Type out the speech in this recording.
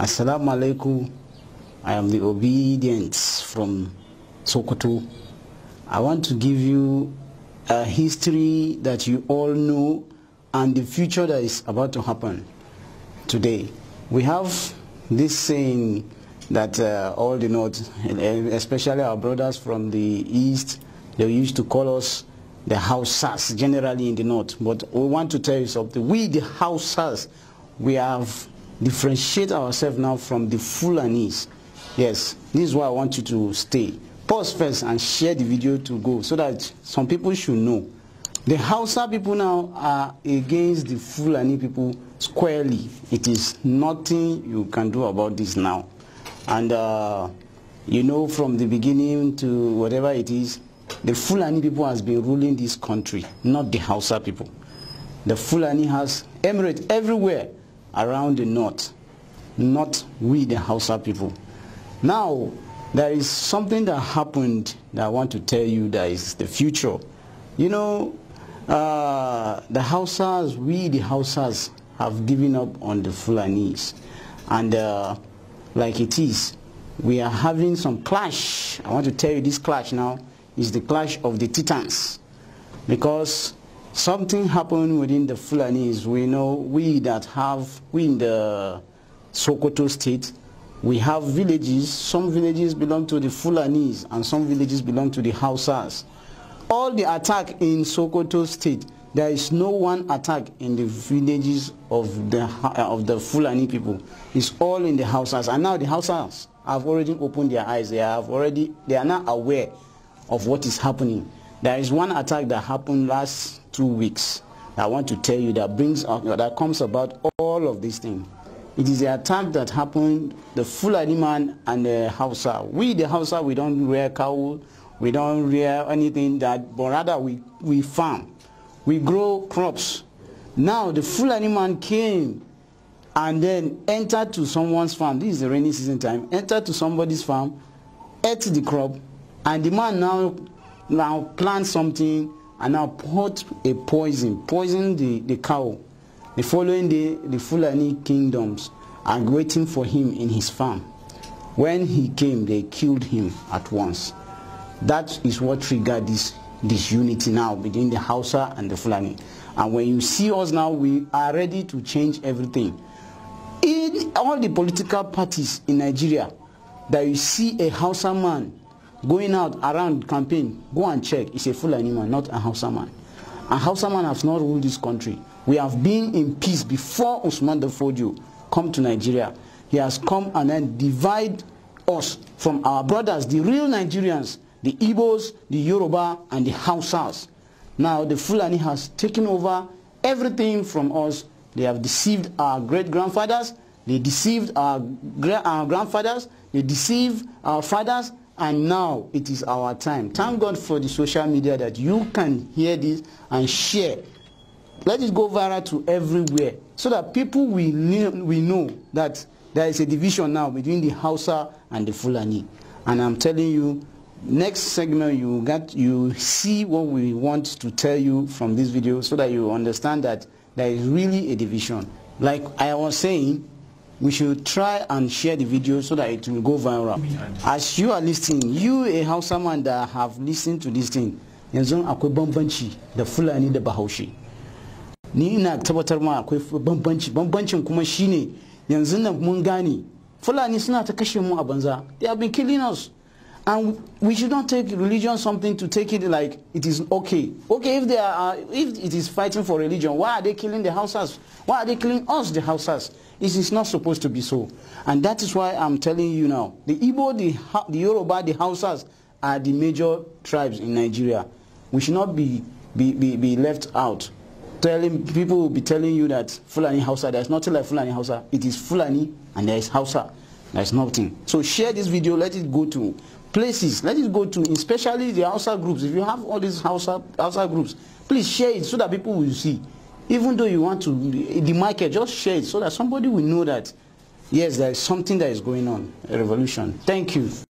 Assalamu alaikum. I am the obedience from Sokoto. I want to give you a history that you all know and the future that is about to happen today. We have this saying that uh, all the North, especially our brothers from the East, they used to call us the Hausas, generally in the North. But we want to tell you something. We, the Hausas, we have differentiate ourselves now from the Fulanis. Yes, this is why I want you to stay. Pause first and share the video to go so that some people should know. The Hausa people now are against the Fulani people squarely. It is nothing you can do about this now. And uh, you know from the beginning to whatever it is, the Fulani people has been ruling this country, not the Hausa people. The Fulani has emirate everywhere around the north, not we the Hausa people. Now, there is something that happened that I want to tell you that is the future. You know, uh, the Hausas, we the Hausas have given up on the Fulanis. And uh, like it is, we are having some clash. I want to tell you this clash now is the clash of the titans. Because something happened within the Fulanis. We know we that have, we in the Sokoto state, we have villages. Some villages belong to the Fulanis and some villages belong to the Hausas. All the attack in Sokoto state, there is no one attack in the villages of the, of the Fulani people. It's all in the Hausas. And now the Hausas have already opened their eyes. They, have already, they are now aware of what is happening. There is one attack that happened last two weeks. I want to tell you that brings up that comes about all of these things. It is the attack that happened the Fulani man and the Hausa. We the Hausa we don't rear cow, we don't rear anything that, but rather we we farm, we grow crops. Now the Fulani man came and then entered to someone's farm. This is the rainy season time. Entered to somebody's farm, ate the crop, and the man now now plants something and now put a poison, poisoned the, the cow. The following day, the Fulani kingdoms are waiting for him in his farm. When he came, they killed him at once. That is what triggered this disunity now between the Hausa and the Fulani. And when you see us now, we are ready to change everything. In all the political parties in Nigeria, that you see a Hausa man going out around campaign, go and check. It's a Fulani man, not a Hausa man. A Hausa man has not ruled this country. We have been in peace before Usman Dafodio come to Nigeria. He has come and then divide us from our brothers, the real Nigerians, the Igbos, the Yoruba, and the Hausas. Now the Fulani has taken over everything from us. They have deceived our great-grandfathers. They deceived our, our grandfathers. They deceived our fathers. And now it is our time. Thank God for the social media that you can hear this and share. Let it go viral to everywhere so that people will, know, will know that there is a division now between the Hausa and the Fulani. And I'm telling you, next segment you get you see what we want to tell you from this video so that you understand that there is really a division like i was saying we should try and share the video so that it will go viral. As you are listening, you a Hausa man that have listened to this thing, yanzu akwai bambanci da Fulani da Bahaushe. Ni ina tabbatar ma akwai bambanci, bambancin kuma shine yanzu nan mun gane Fulani suna ta kashe mu a banza. They have been killing us. And we should not take religion something to take it like it is okay. Okay, if they are, uh, if it is fighting for religion, why are they killing the Hausas? Why are they killing us, the Hausas? It is not supposed to be so. And that is why I'm telling you now. The Igbo, the, the Yoruba, the Hausas are the major tribes in Nigeria. We should not be, be, be, be left out. Telling, people will be telling you that Fulani Hausa, there's nothing like Fulani Hausa. It is Fulani and there is Hausa. There's nothing. So share this video. Let it go to places. Let it go to, especially the outside groups. If you have all these outside, outside groups, please share it so that people will see. Even though you want to, the market, just share it so that somebody will know that, yes, there is something that is going on, a revolution. Thank you.